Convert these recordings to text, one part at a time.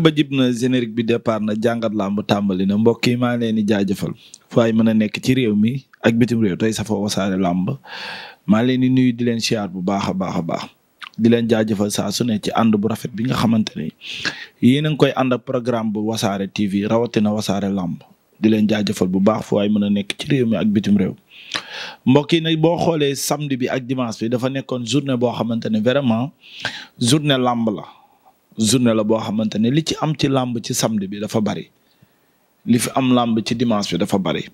ba jib na générique bi départ na jàngat làmb tàmbali na mbokk yi maa ngi leen di jaajëfal fu ay mën a nekk ci réew mi ak bitim réew tey safoo wasaare làmb maa leen di nuyu di leen siyaar bu baax a baax a baax di leen jaajëfal saa su ne ci ànd bu rafet bi nga xamante ne yéen a ngi koy ànd programme bu wasaare TV rawatina wasaare làmb di leen jaajëfal bu baax fu mën a nekk ci réew mi ak bitim réew mbokk yi nag boo xoolee samedi bi ak dimanche bi dafa nekkoon journée boo xamante ne vraiment journée làmb la. journée la boo xamante ne li ci am ci làmb ci samedi bi dafa bari li fi am làmb ci dimanche bi dafa bari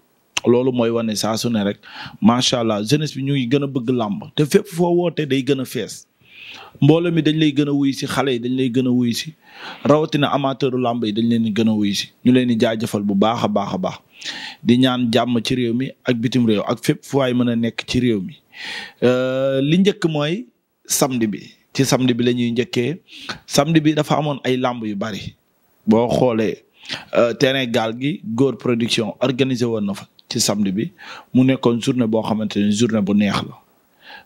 loolu mooy wane saa rek macha allah jeunesse bi ñu ngi gën a bëgg làmb te fépp foo wootee day gën a fees mbooloo mi dañ lay gën a wuy si xale yi dañ lay gën a wuy si rawatina amateuru làmb yi dañ leen di gën a wuy si ñu leen di jaajëfal bu baax a baax a baax di ñaan jàmm ci réew mi ak bitim réew ak fépp fu waay mën a nekk ci réew mi euh, li njëkk mooy samedi bi. ci samedi bi lañuy ñuy njëkkee samedi bi dafa amoon ay làmb yu bari boo xoolee euh, terrain gaal gi góor production organisé woon na fa ci samedi bi mu nekkoon journée boo xamante ne journée bu neex la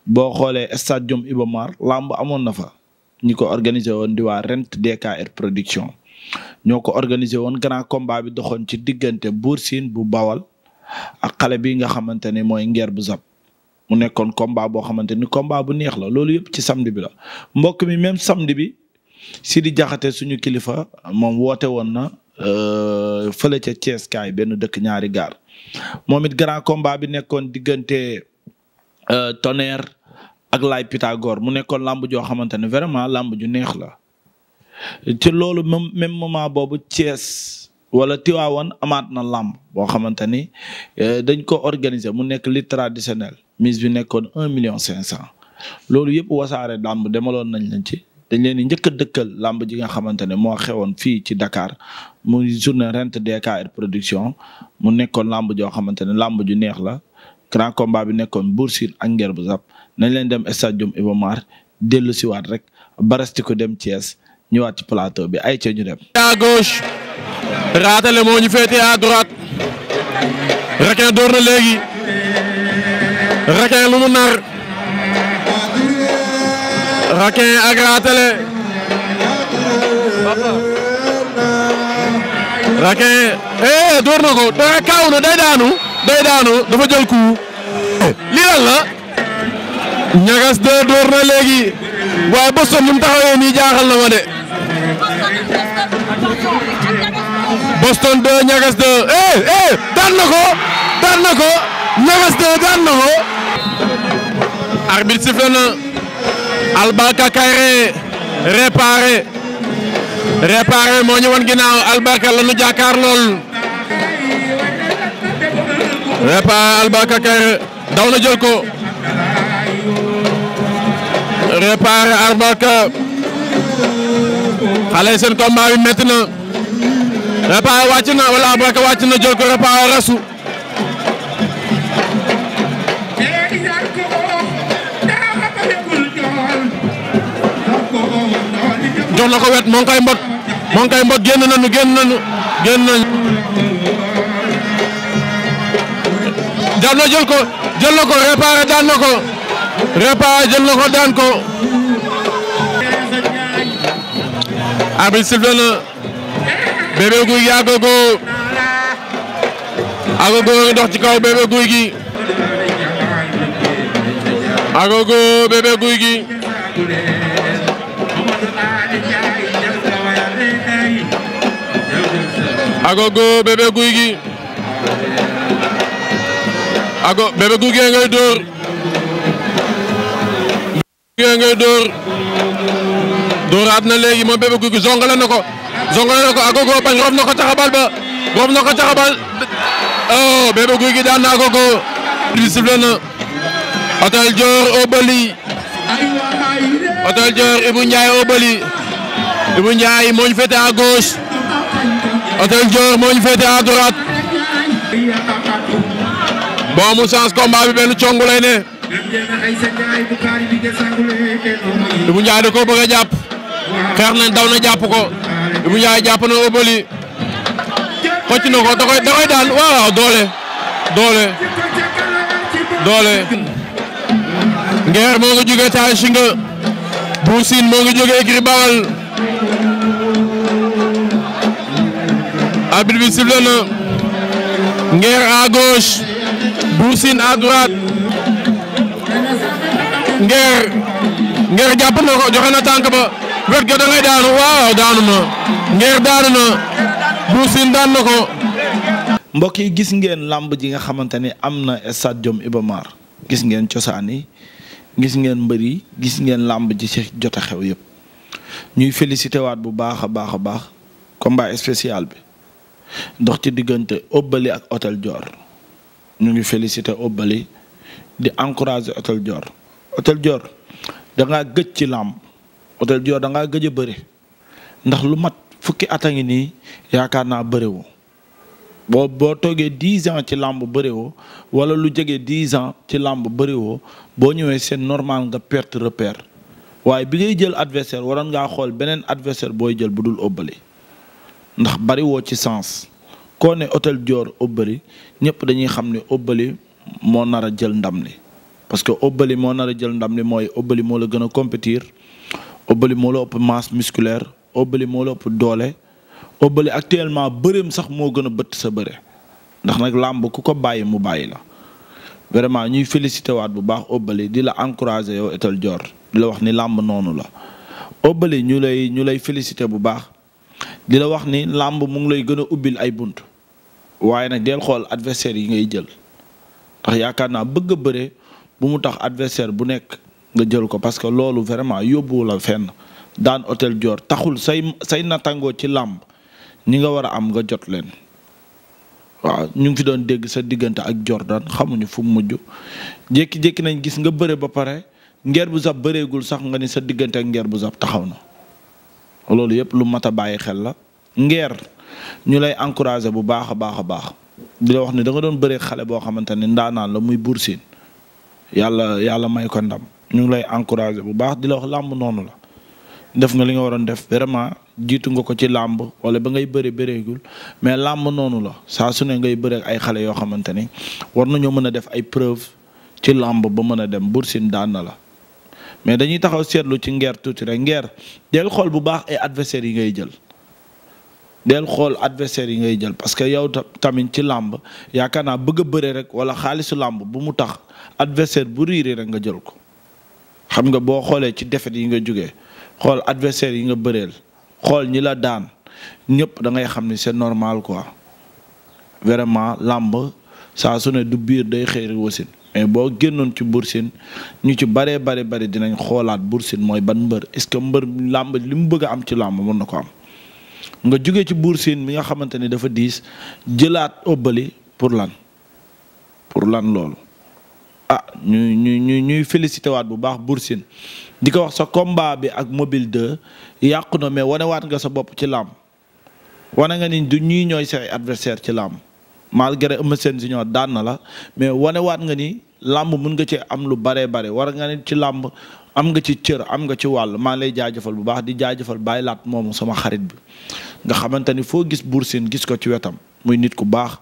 boo xoolee stadium Iba Mar làmb amoon na fa ñu ko organisé woon di waa Rent DKR production ñoo ko organisé woon grand combat bi doxoon ci diggante Bour Sine bu Bawal ak xale bi nga xamante ne mooy Nguer bu Zap mu nekkoon combat boo xamante ni combat bu neex la loolu yëpp ci samedi bi la mbokk mi même samedi bi Sidi Jaxate suñu kilifa moom woote woon na euh, fële ca Thiès benn dëkk ñaari gaar moom it grand combat bi nekkoon diggante euh, Tonnerre ak lay Pythagore mu nekkoon lamb joo xamante ne vraiment lamb ju neex la ci loolu même même moment boobu Thiès wala Tiwaawan amaat na lamb boo xamante ni euh, dañ ko organiser mu nekk li traditionnel mise bi nekkoon un million cinq cent loolu yëpp wasaare làmb demaloon nañ leen ci dañ leen di njëkk a dëkkal làmb ji nga xamante ne moo xewoon fii ci Dakar muy journée rent DKR production mu nekkoon làmb joo xamante ne làmb ju neex la grand combat bi nekkoon Boursine ak Nguer bu Zap nañ leen dem stadium Iba Mar dellu waat rek barasti ko dem ñu ñëwaat ci plateau bi ay ca ñu dem. à gauche raatale léegi. Raquin lu mu nar Raquin ak Raatale Raquin eh door ko da kaaw na day daanu day daanu dafa jël coup lii lan la ñagas de door na léegi Boston nu mu taxawee nii jaaxal na ma de Boston de ñagas de eh eh daan na ko daan na ko Lagas daan na ko. arbitre sifflé Albarka Kairé réparé réparé moo ñëwoon ginnaaw Albarka la nu jàkkaar lool réparé Albarka Kairé daw na jël ko réparé Albarka xale seen combat bi métti na réparé wàcc wala Albarka wàcc na réparé rasu. jox na ko wet moo ngi koy mbot moo ngi koy mbot génn nañu génn nañu génn na jël ko jël na ko réparé daan na ko réparé jël na ko daan ko. arbitre sifflé na Bébé Gouy Gui dox ci kaw Bébé Gouy Gui Agogo Bébé agogo bébé guy gi ago bébé guy gi ngay dóor bébé guy dóor dóoraat na léegi moom bébé guy gi zongale ko zongale na ko agogo bañ na ko caxabal ba rof na ko caxabal oh bébé guy gi daan na agogo bi sifle na Obali Hôtel Dior Ibou Ndiaye Obali Ibou Ndiaye mooñ fete à Hôtel Dior moo ñu féete à droite bon mu sens combat ne. Ibou Ndiaye da koo bëgg a jàpp daw na jàpp ko Ibou Ndiaye na Obeuly xocc na ko da koy da daan waaw doole doole ngeer moo ngi jógee Taïsinga Boursine moo ngi jógee Gris Bawal arbitre bi sifflé na Nguer à gauche Bour à droite Nguer Nguer jàpp ko joxe na tànk ba wet ga da ngay daanu waaw daanu na Nguer daanu na Bour daan na ko. mbokk yi gis ngeen làmb ji nga xamante ni am na stade Iba Mar gis ngeen cosaan gis ngeen mbër yi gis ngeen làmb ji ci jota xew yëpp ñuy félicité waat bu baax a baax a baax combat spécial bi. ndox ci diggante Obaly ak Hôtel joor ñu ngi félicité Obaly di encouragé Hôtel joor Hôtel Dior da ngaa gëj ci làmb Hôtel Dior da ngaa gëj a bëri ndax lu mat fukki at a ngi nii yaakaar naa bëriwoo boo boo toogee dix ans ci làmb bëriwoo wala lu jege dix ans ci làmb bëriwoo boo ñëwee seen normal nga perte repère waaye bi ngay jël adversaire waroon ngaa xool beneen adversaire booy jël bu dul Obaly ndax bari woo ci sens koo ne hôtel Dior Obali ñëpp dañuy xam ne Obali moo nar a jël ndam li parce que Obali moo nar a jël ndam li mooy Obali moo la gën a compétir Obali moo la ëpp masse musculaire Obali moo la ëpp doole Obali actuellement bëreem sax moo gën a bëtt sa bëre ndax nag làmb ku ko bàyyi mu bàyyi la vraiment ñuy félicité waat bu baax Obali di la encouragé yow hôtel Dior di la wax ni làmb noonu la Obali ñu lay ñu lay félicité bu baax. di wax ni làmb mu ngi lay gën a ubbil ay bunt waaye nag del xool adversaire yi ngay jël ndax yaakaar naa bëgg a bëre bu mu tax adversaire bu nekk nga jël ko parce que loolu vraiment yóbbu la fenn daan hôtel joor taxul say say nattangoo ci làmb ñi nga war a am nga jot leen waaw ñu ngi fi doon dégg sa diggante ak Jordan xamuñu fu mujj jékki-jékki nañ gis nga bëre ba pare ngeer bu zab bëreegul sax nga ni sa diggante ak ngeer bu zab taxaw na loolu yëpp lu mat a bàyyi xel la ngeer ñu lay encouragé bu baax a baax a baax di la wax ne da doon bëree xale boo xamante ne ndaanaan la muy Bour yàlla yàlla may ko ndam ñu ngi lay encouragé bu baax di la wax làmb noonu la def nga li nga waroon def vraiment jiitu nga ko ci làmb wala ba ngay bëri bëreegul mais làmb noonu la saa su ne ngay bëreeg ay xale yoo xamante ni war nañoo mën a def ay preuve ci làmb ba mën a dem Bour Sine daan na la mais dañuy taxaw seetlu ci ngeer tuuti rek ngeer del xool bu baax ay adversaires yi ngay jël del xool adversaires yi ngay jël parce que yow tamit ci làmb yaakaar naa bëgg a bëre rek wala xaalisu làmb bu mu tax adversaire bu riiri rek nga jël ko xam nga boo xoolee ci défaite yi nga jógee xool adversaire yi nga bëreel xool ñi la daan ñëpp da ngay xam ni c'est normal quoi vraiment làmb saa su ne du biir day xëyri wasin mais boo génnoon ci Boursine ñu ci baree bari bari dinañ xoolaat Boursine mooy ban mbër est-ce que mbër làmb li mu bëgg am ci làmb mën na ko am nga jóge ci Boursine mi nga xamante ni dafa diis jëlaat ëbbali pour lan pour lan loolu ah ñuy ñuy ñuy félicité waat bu baax Boursine di ko wax sa combat bi ak mobile 2 yàqu na mais wanewaat nga sa bopp ci làmb wane nga ni du ñuy ñooy say adversaire ci làmb malgré Eumeu Sène Junior daan na la mais wanewaat nga ni làmb mun nga cee am lu baree bare war nga ne ci làmb am nga ci cër am nga ci wàll maa lay jaajëfal bu baax di jaajëfal baay laat moomu sama xarit bi nga xamante ni foo gis Bour Sine gis ko ci wetam muy nit ku baax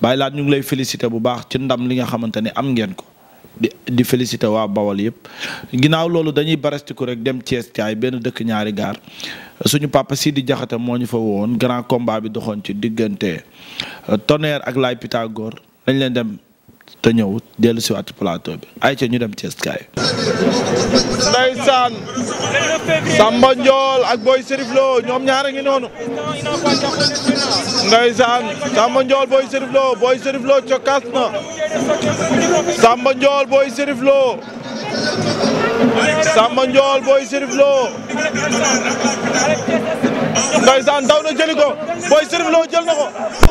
bàyyi laat ñu ngi lay féliciter bu baax ci ndam li nga xamante ni am ngeen ko di di félicité waa Bawol yëpp ginnaaw loolu dañuy barastiku rek dem Thiès benn dëkk ñaari gaar suñu papa Sidi Diakhaté moo ñu fa woon grand combat bi doxoon ci diggante euh, Tonnerre ak Laye Pythagore dañ leen dem te ñëw dellu si waat bi ay ca ñu dem Thiès kaay. Ndeysaan Samba ak Boy Serif ñoom ñaar a ngi noonu. Ndeysaan Samba Ndiol Boy Serif Lo Boy cokkaas na. Samba Ndiol Boy Cherif Lo Samba Ndiol Boy Cherif Lo ndeysaan daw na jëli ko Boy Cherif Lo jël lu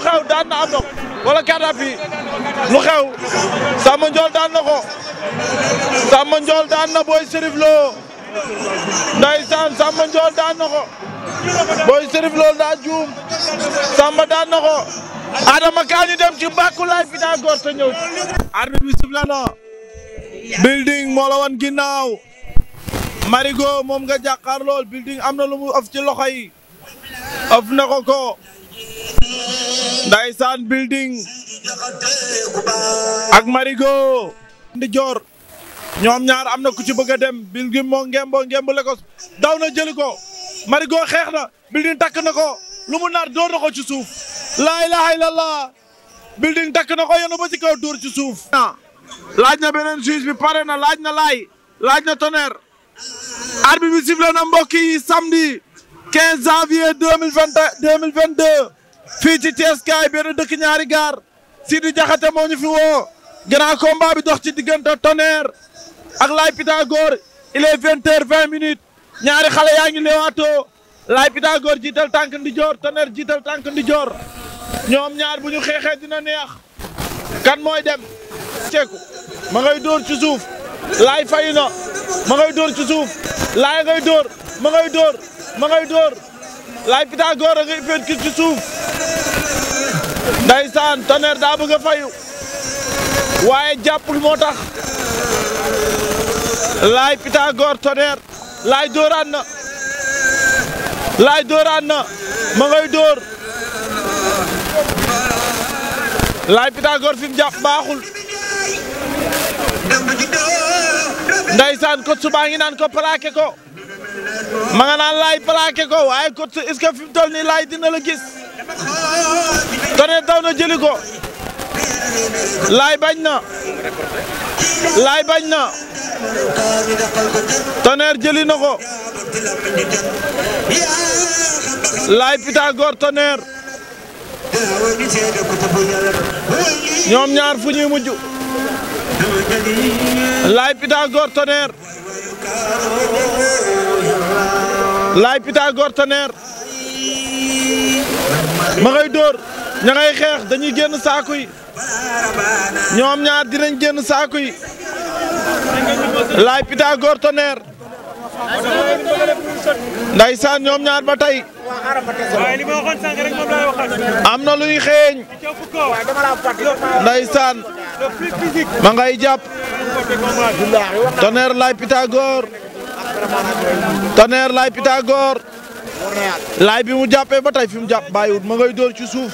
xew daan na am na wala kàddaaf yi lu xew Samba Ndiol daan na ko Samba Ndiol daan na Samba Ndiol daan na ko Boy Cherif Lo juum Samba daan na ko Adama kaa ñu dem ci Bakulaay Pythagore te ñëw. arbitre bi sifflé na. building moo la ginnaaw. Marigo moom nga jàkkaar lool building am na lu mu ci loxo yi. of na ko ko. Ndaysaan building. ak Marigo. di joor. ñoom ñaar am na ku ci bëgg a dem building moo ngembo ngemb la ko daw na jëli ko. Marigo xeex na building takk na ko lu mu naar door na ko ci suuf. laa ilaha illallah building takk na ko yenu ba ci kaw dóor ci suuf laaj na beneen juge bi pare na laaj na laay laaj na tonnerre arbitre bi sifflé na mbokk yi samedi 15 janvier 2022 fii ci Thiès kaay benn dëkk ñaari gaar Sidi Diakhaté moo fi woo grand combat bi dox ci diggante tonnerre ak Laye Pythagore il est vingt heures vingt minutes ñaari xale yaa ngi leewaatoo Laye Pythagore jiital tànk ndijoor tonnerre jiital tànk ndijoor ñoom ñaar bu ñu xeexee dina neex kan mooy dem ceeku ma ngay dóor ci suuf laay fayu na ma ngay dóor ci suuf laay ngay dóor ma ngay dóor ma ngay dóor laay Pythagore a ngay féet ci suuf ndeysaan Tonnerre daa bëgg a fayu waaye jàppul moo tax laay Pythagore Tonnerre laay dóoraan na laay dóoraan na ma ngay dóor laay Pythagore fi mu baaxul ndaysaan kot su baa ngi naan ko plaqué ko ma nga naan laay plaqué ko waaye kot su est-ce que fi mu toll nii laay dina la gis Tonnerre daw na jëli ko laay bañ na laay bañ na Tonnerre jëli na ko laay ñoom ñaar fu ñuy mujj Laye Pythagore Tonnerre Laye Pythagore Tonnerre xeex dañuy génn saaku yi ñoom ñaar dinañ génn saaku yi Laye Pythagore Tonnerre ndaysaan ñoom ñaar ba tey. am na luy xeeñ. ndaysaan. ma ngay jàpp. Tonnerre Laye Pythagore. Tonnerre Laye Pythagore. Laye bi mu jàppee ba tey fi mu jàpp bàyyiwut ma ngay dóor ci suuf.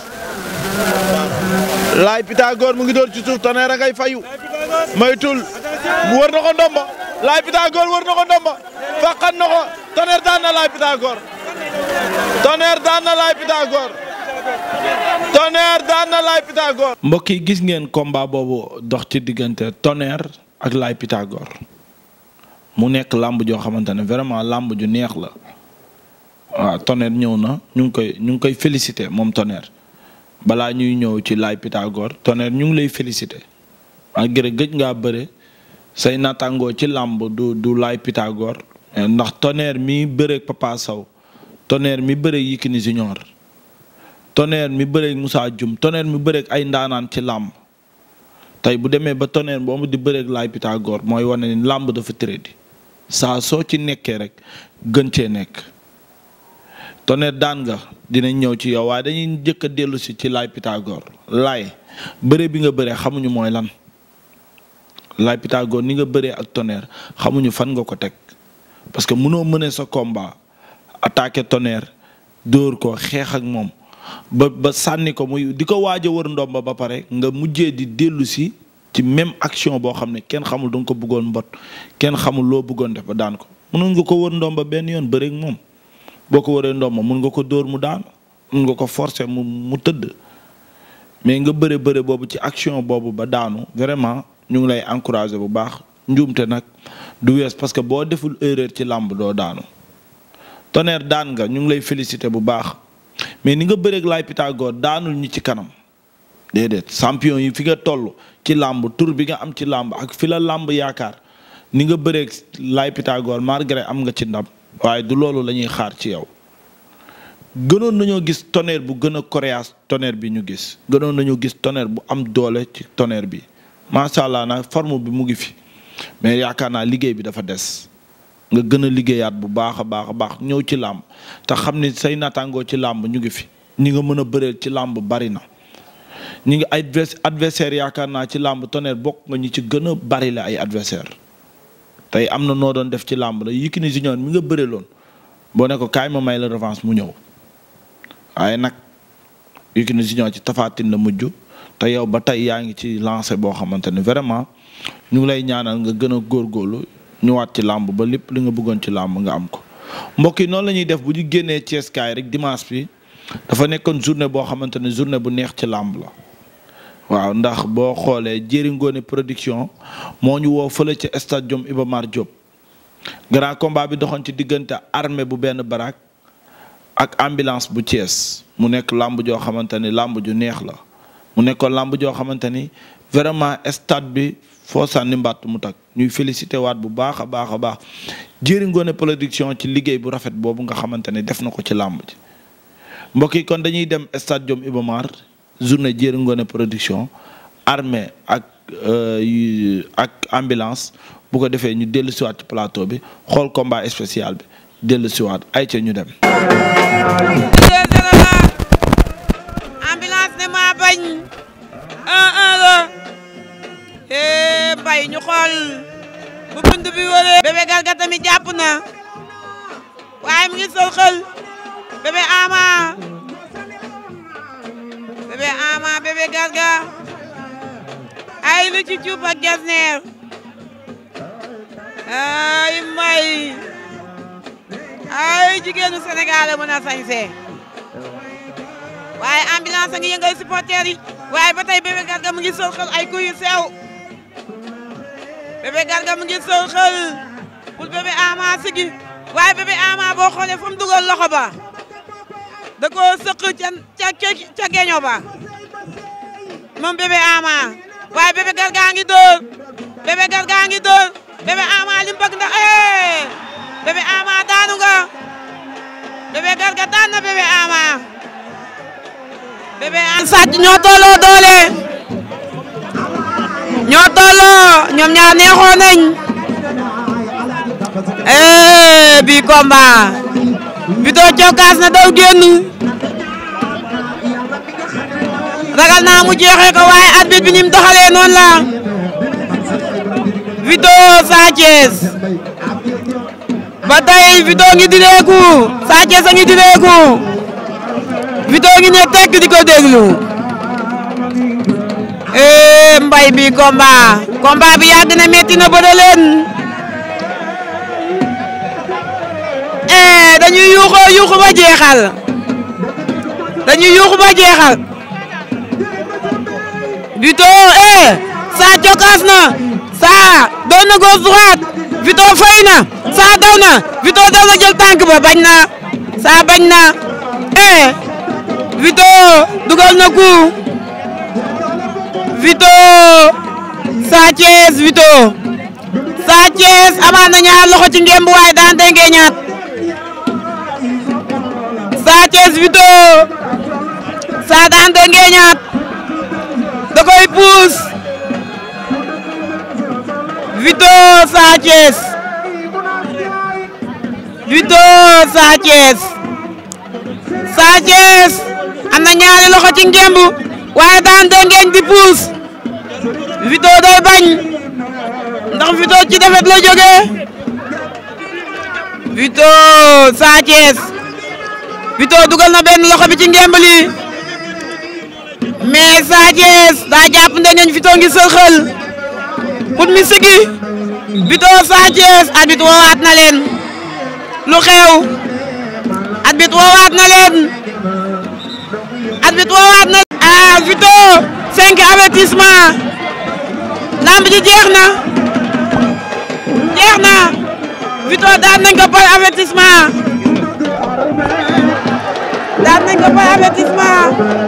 Laye Pythagore mu ngi dóor ci suuf Tonnerre a ngay fayu. maytul wër na ko ndomba laay Pythagore wër na ko ndomba faqan na ko Tonnerre daan na laay Pythagore mbokk yi gis ngeen combat boobu dox ci diggante Tonnerre ak lay Pythagore mu nekk làmb joo xamante ne vraiment làmb ju neex la waaw Tonnerre ñëw na ñu ngi koy ñu ngi koy félicité moom Tonnerre balaa ñuy ñëw ci laay Pythagore Tonnerre ñu ngi lay félicité Agri gëj ngaa bëre say nattangoo ci làmb du du laay Pythagore ndax toneer mi bëreeg Papa Sow Tonnerre mi bëreeg Yékini Junior Tonnerre mi bëreeg Moussa jum Tonnerre mi bëreeg ay ndaanaan ci làmb tey bu demee ba Tonnerre boobu di bëreeg laay Pythagore mooy wane ni làmb dafa tëradi saa soo ci nekkee rek gën cee nekk Tonnerre daan nga dinañ ñëw ci yow waaye dañuy jëkk a dellu ci laay Pythagore laay bëre bi nga bëre xamuñu mooy lan laay Pythagore ni nga bëree ak tonnerre xamuñu fan nga ko teg parce que mënoo mënee sa combat attaqué tonnerre dóor ko xeex ak moom ba ba sànni ko muy di ko waaj a wër ma ba pare nga mujjee di dellusi ci même action boo xam ne kenn xamul da nga ko bëggoon mbot kenn xamul loo bëggoon def ba daan ko mënoon nga ko wër ndomba benn yoon bëreeg moom boo ko waree ndomba mun nga ko dóor mu daan mun nga ko forcer mu mu tëdd mais nga bëre bëre boobu ci action boobu ba daanu vraiment. ñu ngi lay encouragé bu baax njuumte nag du wees parce que boo deful erreur ci làmb doo daanu Tonnerre daan nga ñu ngi lay félicité bu baax mais ni nga bëreeg Laye Pythagore daanul ñi ci kanam déedéet champion yi fi nga toll ci làmb tour bi nga am ci làmb ak fi la làmb yaakaar ni nga bëreeg Laye Pythagore malgré am nga ci ndam waaye du loolu la ñuy xaar ci yow. gënoon nañoo gis Tonnerre bu gën a coriace Tonnerre bi ñu gis gënoon nañoo gis Tonnerre bu am doole ci Tonnerre bi. macha allah nag forme bi mu ngi fi mais yaakaar naa liggéey bi dafa des nga gën a liggéeyaat bu baax a baax a baax ñëw ci làmb te xam ni say nattangoo ci làmb ñu ngi fi ñi nga mën a bëreel ci làmb bari na. ñi ngi ay adversaire yaakaar naa ci làmb Tonnerre bokk nga ñi ci gën a bari la ay adversaire tey am na noo doon def ci làmb la Yékini Junior mi nga bëri loon boo ne ko kaay ma may la revanche mu ñëw waaye nag Yékini Junior ci Tapha Tine la mujj. te yow ba tey yaa ngi ci lancé boo xamante ne vraiment ñu ngi lay ñaanal nga gën a góorgóorlu ñëwaat ci làmb ba lépp li nga bëggoon ci làmb nga am ko. mbokk yi noonu la ñuy def bu ñu génnee Thiès rek dimanche bi dafa nekkoon journée boo xamante ne journée bu neex ci làmb la. waaw ndax boo xoolee Jëri Ngoone production moo ñu woo fële ci stade Jom Iba Mar Diop grand combat bi doxoon ci diggante armée bu benn barak ak ambulance bu Thiès mu nekk làmb joo xamante ni làmb ju neex la. mu nekkoon làmb joo xamante ni vraiment stade bi foo sànni mbàtt mu tag ñuy félicité waat bu baax a baax a baax Jëri ngoone production ci liggéey bu rafet boobu nga xamante ne def na ko ci làmb ji mbokk yi kon dañuy dem stade Jom Iba Mar journée Jëri ngoone production armée ak euh, ak ambulance bu ko defee ñu dellu siwaat ci plateau bi xool combat spécial bi dellu siwaat ay ca ñu dem bañ un ah, ah, ah. eh, ñu xool bu bunt bi wëree bébé garga tamit jàpp na waaye mu ngi sol xël bébé ama bébé ama bébé garga ay lu ci cuub ak ay may ay jigéenu Sénégal a mën sañse waaye ambiance ngi yëngal supporters yi waaye ba tey bébé garga mu ngi sol xel ay kuy yu sew bébé garga mu ngi sol xel pour bébé ama sigi waaye bébé ama boo xoolee fu mu loxo ba da koo ca ca ba moom bébé ama waaye bébé garga ngi dóor bébé garga ngi dóor bébé ama li mu bëgg ndax eh! daanu nga bébé garga daan na bébé ama Bébé Anne Sadji ñoo tolloo doole ñoo tolloo ñoom ñaar neexoon nañ eh bi combat na daw génn naa mu jeexee ko waaye bi ni mu doxalee noonu la Vito Sa Thiès ba Vito ngi ne tekk di ko déglu eh mbay bi combat combat bi yàgg na metti na bëre leen eh, dañuy yuuxoo yuuxu ba jeexal dañuy yuuxu ba jeexal Vito eh saa jokkaas na saa doon na gauche droite Vito fay na saa daw na Vito daw na jël tànk ba bañ na saa bañ na eh Vito dugal na ku Vito Sa Thiès Vito na ñaar loxo ci ngemb waaye daan tey ngee ñaat Sa Thiès Vito Sa daan am na ñaari loxo ci ngemb waaye daan doo ngeen di puus Vito day bañ ndax Vito ci defet la jógee Vito Sa Thiès dugal na benn loxo bi ci ngemb li mais Sa Thiès daa jàpp ndengeñ Vito ngi sëxal pour mi sigi Vito Sa Thiès na leen lu xew arbitre woowaat na leen arbitre woowaat na ah Vito cinq avertissement lamb ji jeex na jeex na Vito daan nañ ko par avertissement daan nañ ko par avertissement ah,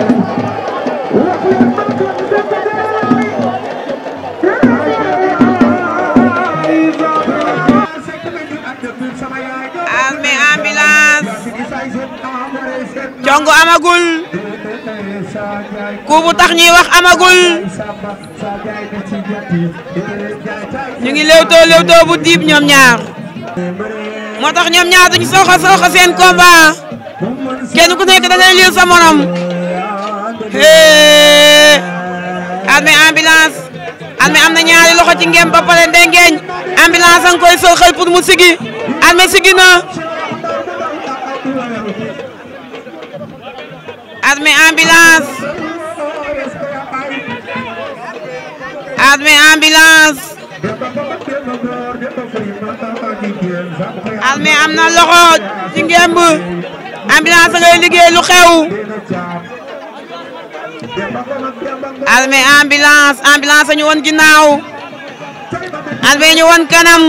Congo amagul ku bu tax ñuy wax amagul ñu ngi lewtoo lewtoo bu diib ñoom ñaar moo tax ñoom ñaar duñu sooxa sooxa seen combat kenn ku nekk da ngay sa morom hee Armé ambulance Armé am na ñaari loxo ci ngem ba pare ndengeeñ ambulance a nga koy sooxal mu sigi Armé sigi na Armé ambulance Armé ambulance Armé ambulance ngay liggéey lu xew ambulance ambulance ñu woon ginnaaw Armé kanam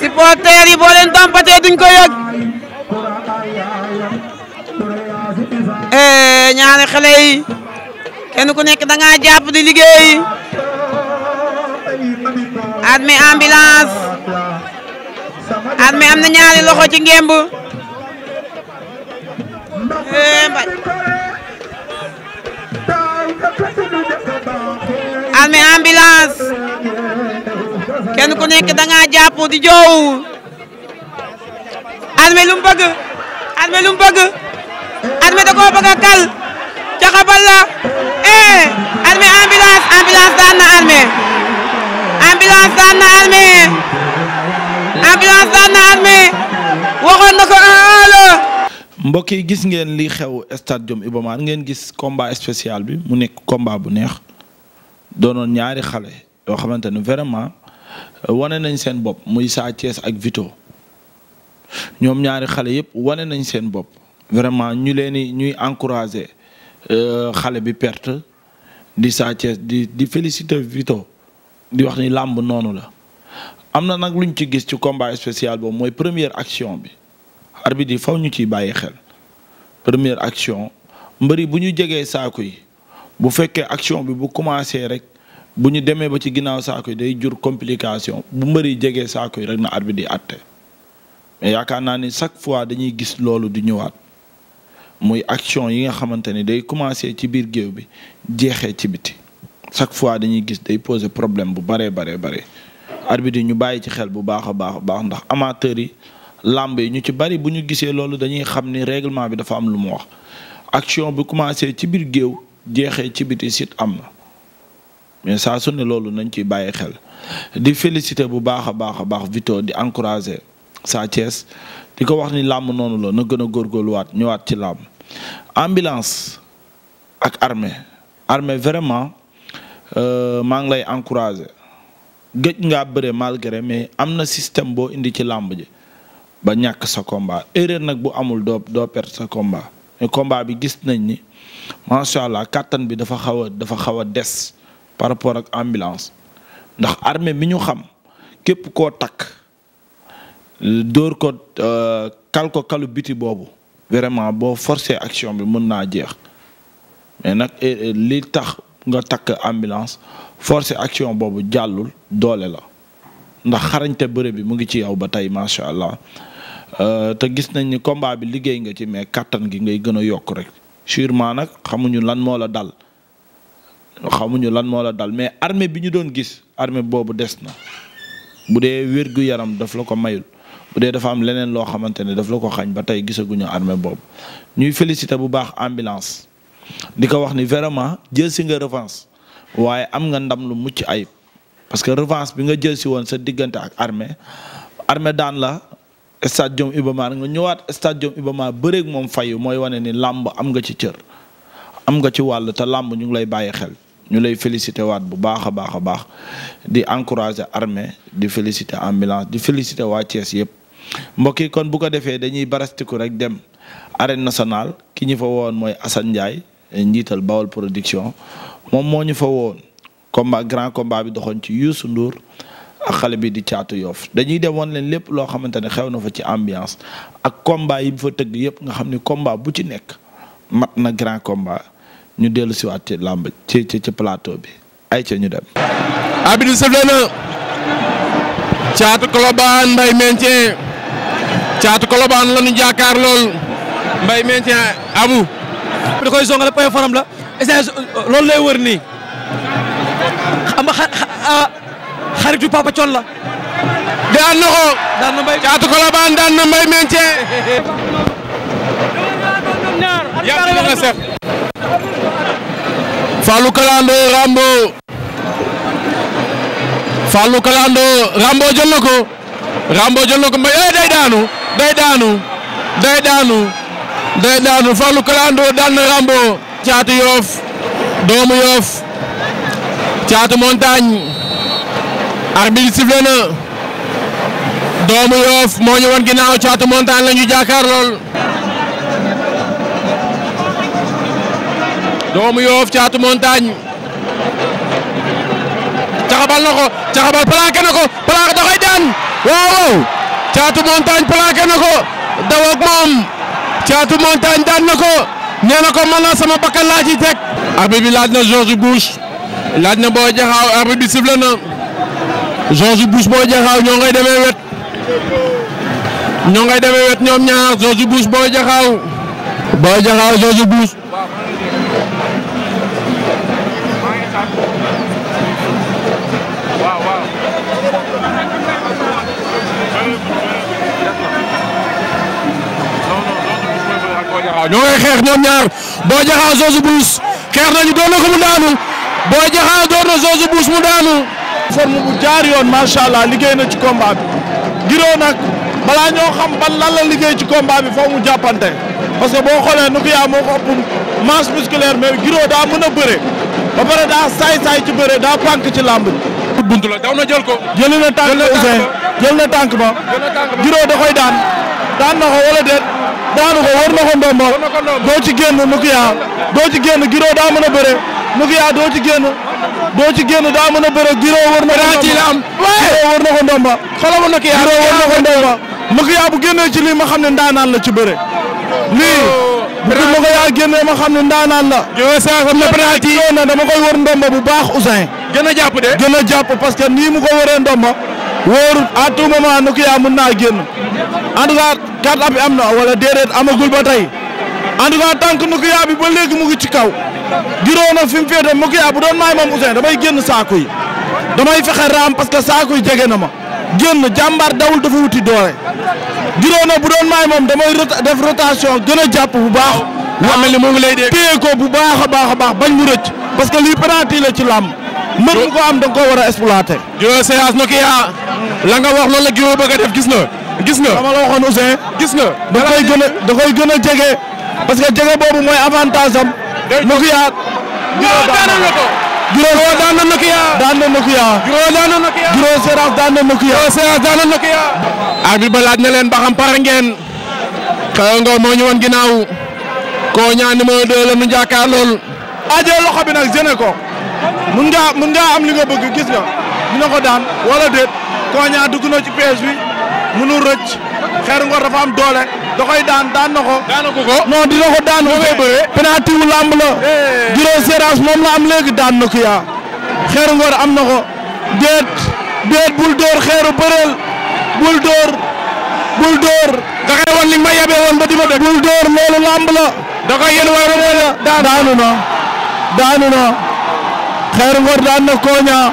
supporters yi boo leen dompatee duñ ñaari xale yi kenn ku nekk da ngaa di liggéey Armé ambulance Armé am na ñaari loxo ci ngemb eh, mbay Armé ambulance ku nekk da ngaa di joow Armé lu mu bëgg armée da koo bëgg a kal caxabal la eh armée ambulance ambulance daan na armée ambulance daan na armée waxoon na ko mbokk yi gis ngeen li xew stade Jom ngeen gis combat spécial bi mu nekk combat bu neex doonoon ñaari xale yoo xamante ne vraiment euh, wane nañ seen bopp muy Sa Thiès ak Vito ñoom ñaari xale yépp wane nañ seen bopp. vraiment ñu leen di ñuy encourager euh, xale bi perte di Sa Thiès di di féliciter Vito di wax ni làmb noonu la am na nag lu ñu ci gis ci combat spécial boobu mooy première action bi arbitre yi faw ñu ciy bàyyi xel première action mbëri bu ñu jegee saaku yi bu fekkee action bi bu commencé rek bu ñu demee ba ci ginnaaw saaku yi day jur complication bu mbëri jegee saaku yi rek na arbitre yi àtte mais yaakaar naa ni chaque fois dañuy gis loolu di ñëwaat muy action yi nga xamante ni day commencer ci biir géew bi jeexee ci biti chaque fois dañuy gis day poser problème bu baree baree bare arbitre yi ñu bàyyi ci xel bu baax a baax a baax ndax amateurs yi làmb yi ñu ci bari bu ñu gisee loolu dañuy xam ni réglement bi dafa am lu mu wax action bi commencé ci biir géew jeexee ci biti sit am na mais saa su ne loolu nañ ciy bàyyi xel di félicité bu baax a baax a baax Vito di encourager Sa Thiès di ko wax ni làmb noonu la na gën a góorgóorluwaat ñëwaat ci làmb ambulance ak armée armée vraiment euh, maa ngi lay encourager gëj nga bëre malgré mais am na système boo indi ci làmb ji ba ñàkk sa combat erreur nag bu amul doo doo perte sa combat mais combat bi gis nañ ni macha allah kàttan bi dafa xaw a dafa xaw a des par rapport ak ambulance ndax armée bi ñu xam képp koo takk dóor ko euh, kal ko kalu biti boobu. vraiment boo force action bi mën naa jeex mais nag li tax nga takk ambulance forcer action boobu jàllul doole la ndax xarañte bëre bi mu ngi ci yow ba tey macha allah euh, te gis nañ ni combat bi liggéey nga ci mais kàttan gi ngay gën a yokk rek sûrement nag xamuñu lan moo la dal xamuñu lan moo la dal mais armée bi ñu doon gis armée boobu des na bu dee wér gu yaram daf la ko mayul bu dee dafa am leneen loo xamante ne daf la ko xañ ba tey gisaguñu armée boobu ñuy félicité bu baax ambulance di ko wax ni vraiment jël si nga revanche waaye am nga ndam lu mucc ayib parce que revanche bi nga jël si woon sa diggante ak armée armée daan la stade Jom Iba Mar nga ñëwaat stade Jom Iba Mar bëreeg moom fayu mooy wane ni làmb am nga ci cër am nga ci wàll te làmb ñu ngi lay bàyyi xel ñu lay félicité waat bu baax a baax a baax di encourager armée di félicité ambulance di félicité waa Thiès yëpp. mbokk yi kon bu ko defee dañuy barastiku rek dem arène nationale ki ñu fa woon mooy Assane Ndiaye njiital Bawol production moom moo ñu fa woon combat grand combat bi doxoon ci Youssou Ndour ak xale bi di caatu yoof dañuy dem woon leen lépp loo xamante ne xew na fa ci ambiance ak combat yi mu fa tëgg yëpp nga xam ni combat bu ci nekk mat na grand komba ñu dellu siwaat ci làmb ci ci plateau bi ay ca ñu dem abidou sëf na caatu Colobane Mbaye Mentien caatu Colobane la ñu jaakaar lool Mbaye Maintien Abou. da koy songale point faram la échange loolu lay wër nii xam ah, xaritu Papa Thion la. daan na caatu Colobane daan na Mbaye Maintien. yàlla na nga seq. Fallou Kalando Rambo. Fallou Kalando Rambo jël na eh, day daanu. day daanu day daanu day daanu Fallou Kalandoo daan na Rambo caatu Yoff doomu Yoff caatu montagne arbitre sifflé doomu Yoff moo ñu won ginnaaw caatu montagne la ñu lool doomu Yoff caatu montagne caxabal na ko caxabal plaqué na ko plaqué da daan waaw caatu montagne plaqué na ko daw ak moom caatu montagne daan na ko nee na ko mën na sama bakkan laa ciy teg. arbitre laaj na George Bush laaj na Boy Diakhao arbitre bi sifflé na George Bush Boy Diakhao ñoo ngay demee wet ñoo ngay demee wet ñoom ñaar George Bush Boy Diakhao Boy Diakhao George Bush. waaw ñoo ngay xeex ñoom ñaar Boy Jaxaw Zozu Buus xeex nañu doon na ko mu daanu Boy Jaxaw doon na Buus mu daanu. forme bu jaar yoon macha allah liggéey na ci combat bi Giro nag balaa ñoo xam ban lan la liggéey ci combat bi foo mu jàppante parce que boo xoolee Nokia moo ko ëpp masse musculaire mais Giro daa mën a bëre ba pare daa saay-saay ci bëre daa pànk ci làmb ji. buntu la daw na jël ko. jël na tànk ba jël na tànk ba. Giro da koy daan daan na wala déet. daanu ko war na ko ndombo doo ci génn Nokia doo ci génn Giro daa mën a bëre Nokia doo ci a bëre Giro war na ko ndombo war na ko ndombo xoolal Nokia Giro war na ko ndombo Nokia bu génnee ci lii ma xam ne ndaanaan la ci bëre lii oh, bu ko Nokia génnee ma xam ne ndaanaan la na dama koy war ndombo bu baax Ousseyn gën a jàpp de a jàpp parce nii mu ko waree ndombo wóorut à tout moment Nokia mën naa génn en tout quatre appuis am na wala déedéet amagul ba tey en tout cas tànk Nokia bi ba léegi mu ngi ci kaw giroo na fi mu féete Nokia bu doon maay moom Ousseyn damay génn saako yi damay fexe raam parce que saako yi jege na ma génn jàmbar dawul dafa wuti doole giroo na bu doon maay moom damay def rotation gën jàpp bu baax. waaw mel ni mu ngi lay dégg téye bu baax a baax a baax bañ mu rëcc parce que lii penalty la ci làmb. mën mu ko am da nga koo war a exploiter. juróom séance gis na. gis nga dama la gis nga da a da koy gën jege. parce que jege boobu mooy avantage am. Nokia. Giro daan na ko. Giro daan na Nokia. daan na Nokia. Giro daan na Nokia. Giro Seras daan leen ba moo ñëwoon ginnaaw. Koña numéro 2 nu jàkkaar lool. aajee loxo bi nag jëne ko. mun ngaa mun ngaa am li nga bëgg gis nga. dina ko daan wala déet. Koña dugg na ci mënul rëcc xeeru ngor doole da koy daan daan na ko. daan dina ko daan. moom wu lamb la. Eh. juróom moom la am léegi daan na ko yaa. am na ko. déet déet bul door xeeru bëreel bul door bul door. da koy wan li ma yebee bul door loolu lamb la. da koy yéen war na daanu na xeeru daan na koo ñaa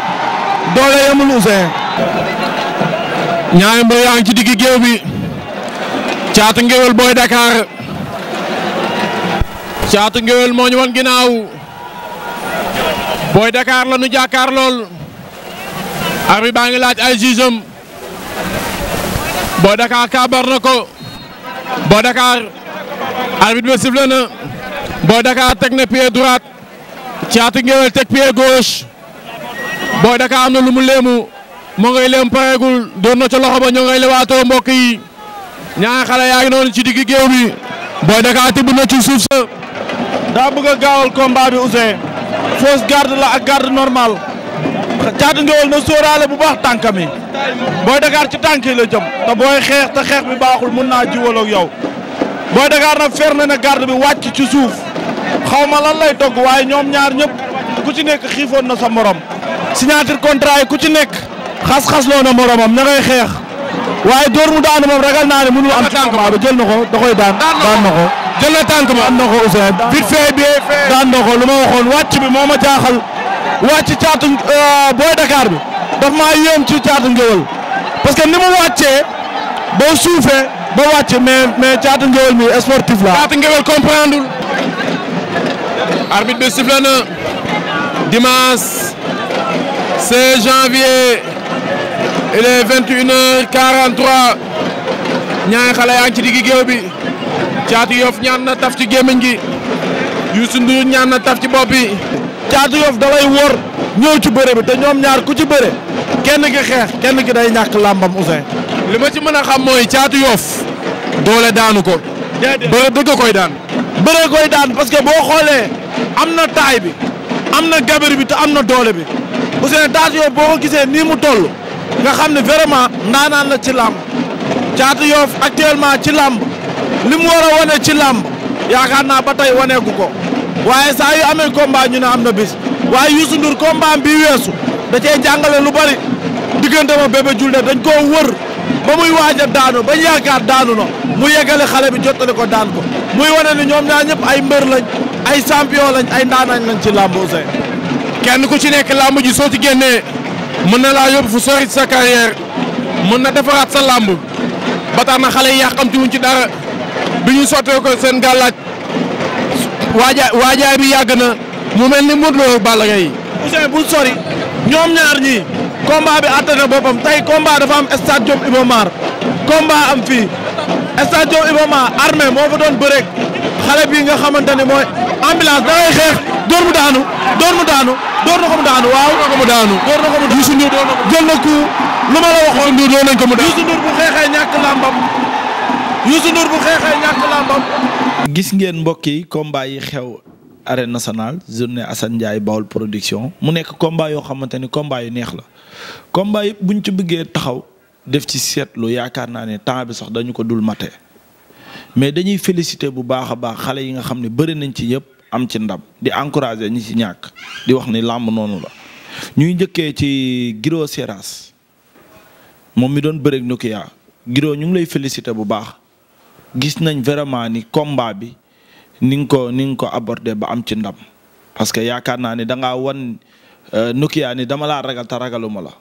doole yemul Ousseyn. ñaari mbër yaa ngi ci diggi géew bi caatu ngéwél booy Dakar caatu ngéwél moo ñu wan ginnaaw booy Dakar la nu jàkkaar lool arbi baa ngi laaj ay jugeem booy Dakar kaabar na ko booy Dakar arbitre bi sifflé na booy Dakar teg na pied droite ngéwél teg pied gauche booy Dakar am na lu mu léemu moo ngay leem pareegul doon na ca loxo ba ñoo ngay lewaatoo mbokk yi ñaari xale yaa ngi noonu ci digg géew bi Boy Dakar tibb na ci suuf sa. daa bëgg a gaawal combat bi Ousseyn fausse garde la ak garde normale Caatu Ngéwél na sóoraale bu baax tànkam yi booy Dakar ci tànk yi la jëm te booy xeex te xeex bi baaxul mun naa jiwaloog yow Boy Dakar nag fer na ne garde bi wàcc ci suuf xaw ma lan lay togg waaye ñoom ñaar ñëpp ku ci nekk xiifoon na sa moroom signature contrat yi ku ci nekk. xas-xas loo na moromam na ngay xeex waaye door mu daanu moom ragal naa ne mënul am ci combat bi jël na ko da koy daan daan na ko jël na tànk ba daan na ko Ousseyn vite fait bi daan na ko lu ma waxoon wàcc bi moo ma jaaxal wàcc caatu euh, booy Dakar bi daf maa yéem ci caatu ngéwël parce que ni mu wàccee boo suufee ba wàcc mais mais caatu ngéwël mi sportif la caatu ngéwël comprendre arbitre bi sifflé na dimanche 16 janvier il est xale yaa ngi ci diggi géew bi Caatu Yoff ñaan na taf ci gémmiñ gi Youssou Ndour ñaan na taf ci bopp bi. Caatu Yoff da lay wóor ci bëre bi te ñoom ñaar ku ci bëre kenn ki xeex kenn ki day ñàkk làmbam Ousseyn. li ma ci mën a xam mooy Caatu Yoff doole daanu ko. bëre dëgg koy daan. bëre koy daan parce que boo xoolee am na taay bi am na gabar bi te am na doole bi Ousseyn Caatu Yoff boo ko gisee nii mu toll. nga xam ne vraiment ndaanaan la ci làmb Caatu Yoof actuellement ci làmb li mu war a wane ci làmb yaakaar naa ba tey waneeku ko waaye saa yu amee combat ñu ne am na bis waaye Youssou Ndour combat bi weesu da cee jàngale lu bari diggante ma Bébé Diouldé dañ ko wër ba muy waaj a daanu bañ yaakaar daanu na mu yeggale xale bi jottali ko daan ko muy wane ni ñoom ñaar ñëpp ay mbër lañ ay champion lañ ay ndaanañ lañ ci làmb Ousseyn. kenn ku ci nekk làmb ji soo ci génnee mën na laa yóbbu fu sori sa carrière mën na defaraat sa làmb ba na xale yi yàqamti wuñ ci dara bi ñuy sottee ko seen gàllaaj waajaay waajaay bi yàgg na mu mel ni Modou Lo Balla Gaye Ousseyn bul sori ñoom ñaar ñii combat bi àtte boppam tey combat dafa am stade Diop Iba Mar am fii stade Diop Iba Mar moo fa doon bëreeg xale bii nga xamante ne mooy ambulance da ngay xeex dóor mu daanu dóor mu daanu door na ko mu daanu waaw. na ko mu daanu door na ko mu daanu Youssou Ndour ko jël na ko lu ko mu daanu gis ngeen mbokk yi combat yi xew arène nationale journée Assane Ndiaye Baol production mu nekk combat yoo xamante ni combat yu neex la combat yi buñ ci bëggee taxaw def ci seetlu yaakaar naa ne temps bi sax dañu ko dul mate mais dañuy félicité bu baax a baax xale yi nga xam ne bëri nañ ci yëpp. am ci ndam di encourager ñi ci ñàkk di wax ni làmb noonu la ñuy njëkkee ci Giro Seras moom mi doon bëreeg Nokia Giro ñu ngi lay féliciter bu baax gis nañ vraiment ni combat bi ni nga ko ni nga ko aborder ba am ci ndam parce que yaakaar naa ni da ngaa wan euh, Nokia ni dama laa ragal te ragaluma la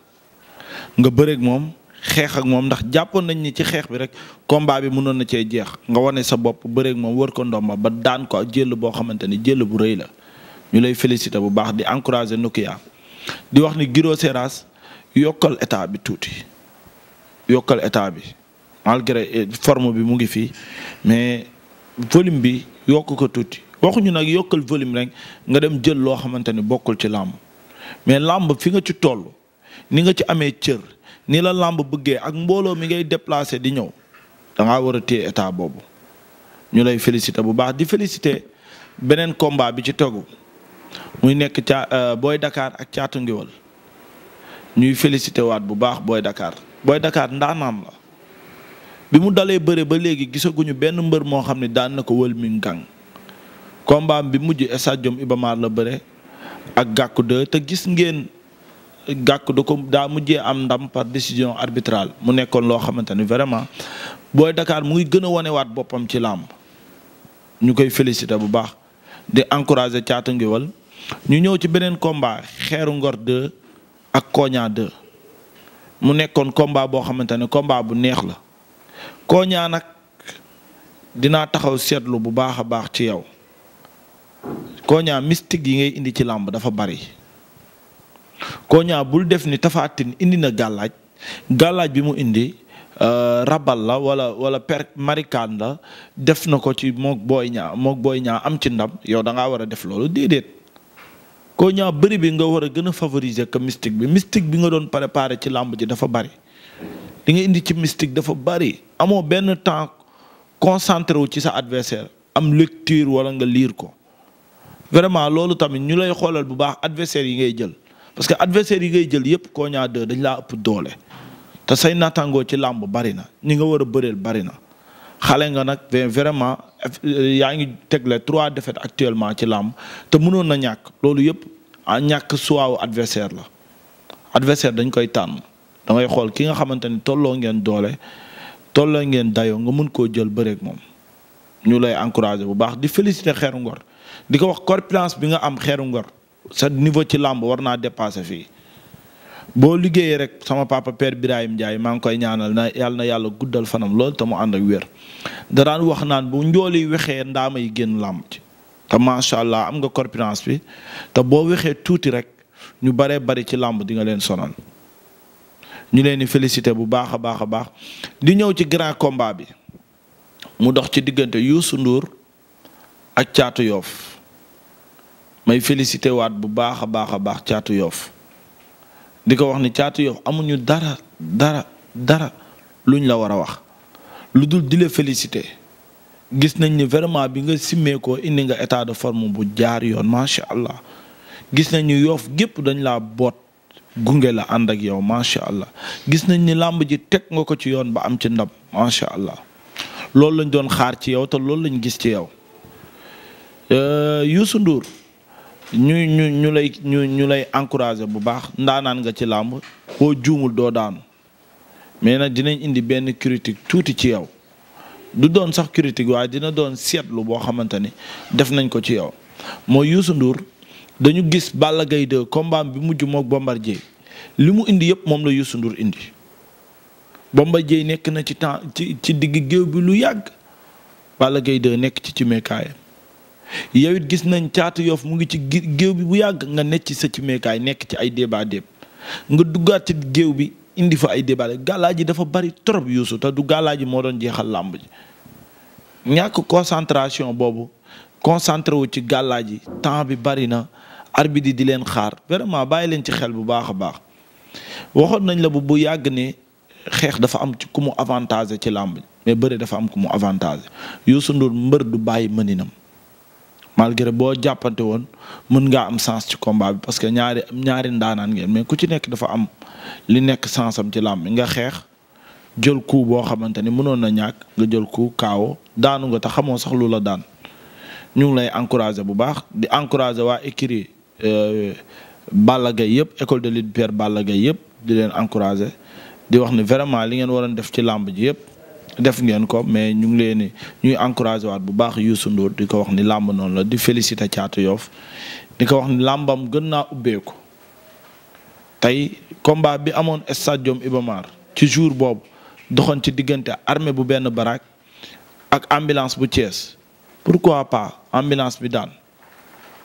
nga bëreeg moom. xeex ak moom ndax jàppoon nañ ni ci xeex bi rek combat bi mënoon na cee jeex nga wane sa bopp bëreeg moom war ko ndomba ba daan ko jël boo xamante ni jël bu rëy la ñu lay félicité bu baax di encouragé Nokia di wax ni Guiro Seras yokkal état bi tuuti yokkal état bi malgré eh, forme bi mu ngi fii mais volume bi yokk ko tuuti waxuñu nag yokkal volume rek nga dem jël loo xamante ni bokkul ci làmb mais làmb fi nga ci toll ni nga ci amee cër. ni la làmb bëggee ak mbooloo mi ngay déplacé di ñëw da ngaa war a téye état boobu ñu lay félicité bu baax di félicité beneen combat bi ci tegu muy nekk ca euh, booy dakaar ak Caatu Ngiwal ñuy félicité waat bu baax booy dakaar booy Dakar ndaanaan la bi mu dalee bëre ba léegi gisaguñu benn mbër moo xam ne daan na ko wël mi ngang combat bi mujj stade Iba Mar la bëre ak gàkku de te gis ngeen gàkk du ko daa mujjee am ndam par décision arbitrale mu nekkoon loo xamante ni vraiment booy dakaar mu ngi gën a wanewaat boppam ci làmb ñu koy félicité bu baax di encouragé Caatu Ngéwél ñu ñëw ci beneen komba Xeeru Ngor 2 ak Koña 2 mu nekkoon combat boo xamante ne combat bu neex la Koña nag dinaa taxaw seetlu bu baax a baax ci yow Koña mystique yi ngay indi ci làmb dafa bari. Koña bul def ni tafaatin indi na gàllaaj gàllaaj bi mu indi euh, rabal la wala wala per marikaan la def na ko ci moog booy ñaa moog booy ñaa am ci ndam yow da ngaa war a def loolu déedéet. Koña bëri bi nga war a gën a favoriser que bi mystique bi nga doon préparé ci làmb ji dafa bari li nga indi ci mystique dafa bari amoo benn temps concentré wu ci sa adversaire am lecture wala nga liir ko vraiment loolu tamit ñu lay xoolal bu baax adversaire yi ngay jël. parce que adversaire yi ngay jël yëpp Kogna 2 dañ laa ëpp doole te say nattangoo ci làmb bari na ñi nga war a bëreel bari na xale nga nag vraiment yaa ngi tegle trois défaites actuellement ci làmb te mënoon na ñàkk loolu yëpp a ah, ñàkk suwaaw adversaire la adversaire dañ koy tànn dangay xool ki nga xamante ni tolloo ngeen doole tolloo ngeen dayoo nga mun koo jël bëreeg moom ñu lay encouragé bu baax di féliciter Xeeru Ngor di ko wax corpulence bi nga am Xeeru Ngor sa niveau ci làmb war naa dépassé fii boo liggéeyee rek sama papa père Birahim Ndiaye maa ngi koy ñaanal na yàlla na yàlla guddal fanam lool te mu ànd ak wér da daan wax naan bu njooli wexee ndaama yi génn làmb te macha allah am nga corpulence bi te boo wexee tuuti rek ñu baree bari ci làmb dinga leen sonal ñu leen di félicité bu baax a baax a baax di ñëw ci grand combat bi mu dox ci diggante Youssou Ndour ak caatu yoof may félicité waat bu baax a baax a baax caatu yoof di ko wax ni caatu yoof amuñu dara dara dara luñ la war a wax lu dul di la félicité gis nañ ni vraiment bi nga simmeekoo indi nga état de forme bu jaar yoon macha allah gis nañ ni yoof gépp dañ laa boot gunge la ànd ak yow macha allah gis nañ ni làmb ji teg nga ko ci yoon ba am ci ndam macha allah loolu lañ doon xaar ci yow te loolu lañ gis ci yow euh, Youssou Ndour ñuy ñu ñu lay ñu ñu lay encouragé bu baax ndaanaan nga ci làmb koo juumul doo daanu mais nag dinañ indi benn critique tuuti ci yow du doon sax critique waaye dina doon seetlu boo xamante ni def nañ ko ci yow mooy Youssou nduur dañu gis Balla Gaye 2 bi mujj moog Bombardier li mu indi yëpp moom la Youssou nduur indi Bombardier nekk na ci temps ci ci digg géew bi lu yàgg Balla Gaye nekk ci ci meekaayam yow it gis nañ caatu yoof mu ngi ci géew bi bu yàgg nga nekk ci sëcc meekaay nekk ci ay débat déeb nga duggaat ci géew bi indi fa ay débat gàllaa ji dafa bari trop yuusu te du gàllaa ji moo doon jeexal làmb ñàkk concentration boobu concentré wu ci gàllaa ji temps bi bari na arbitre di leen xaar vraiment bàyyi leen ci xel bu baax a baax waxoon nañ la bu bu yàgg ne xeex dafa am ci ku mu avantage ci làmb mais bëre dafa am ku mu avantage Youssou Ndour mbër du bàyyi mëninam malgré boo jàppante woon mën ngaa am sens ci combat bi parce que ñaari ñaari ndaanaan ngeen mais ku ci nekk dafa am li nekk sens am ci làmb nga xeex jël ku boo xamante ni mënoon na ñàkk nga jël ku kaawo daanu nga te xamoo sax lu la daan ñu ngi lay encourager bu baax di encourager waa écurie euh, Balla Gaye yëpp école de lutte Pierre Balla Gaye yëpp di leen encourager di wax ni vraiment li ngeen waroon def ci làmb ji yëpp def ngeen ko mais ñu ngi leen ni ñuy encouragé waat bu baax Youssou Ndour di ko wax ni làmb noonu la di félicité Thiatou Yoff di ko wax ni làmbam gën naa ubbeeku tey combat bi amoon stadium Iba ci jour boobu doxoon ci diggante armée bu benn baraak ak ambulance bu Thiès pourquoi pas ambulance bi daan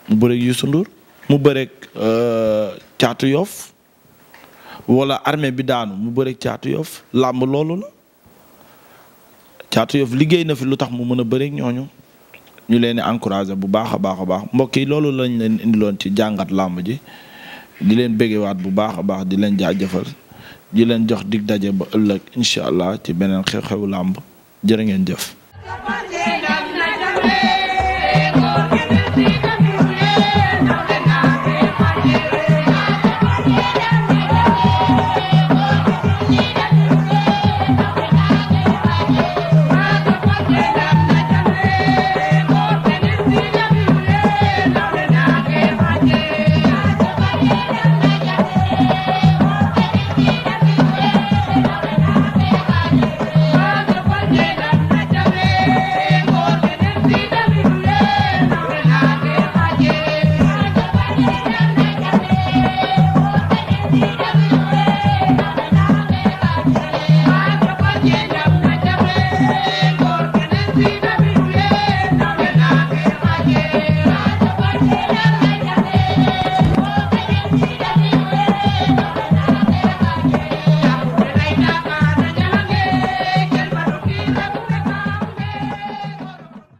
mu bëreeg Youssou Ndour mu bëreeg euh, Thiatou Yoff wala armée bi daanu mu bëreeg Thiatou Yoff làmb loolu la. Caatu Yoff liggéey na fi lu tax mu mën a bëri ñooñu ñu leen di encouragé bu baax a baax a baax mbokk yi loolu lañ leen indiloon ci jàngat làmb ji di leen bégewaat bu baax a baax di leen jëfal di leen jox dig daje ba ëllëg incha allah ci beneen xew-xewu làmb jërë ngeen jëf.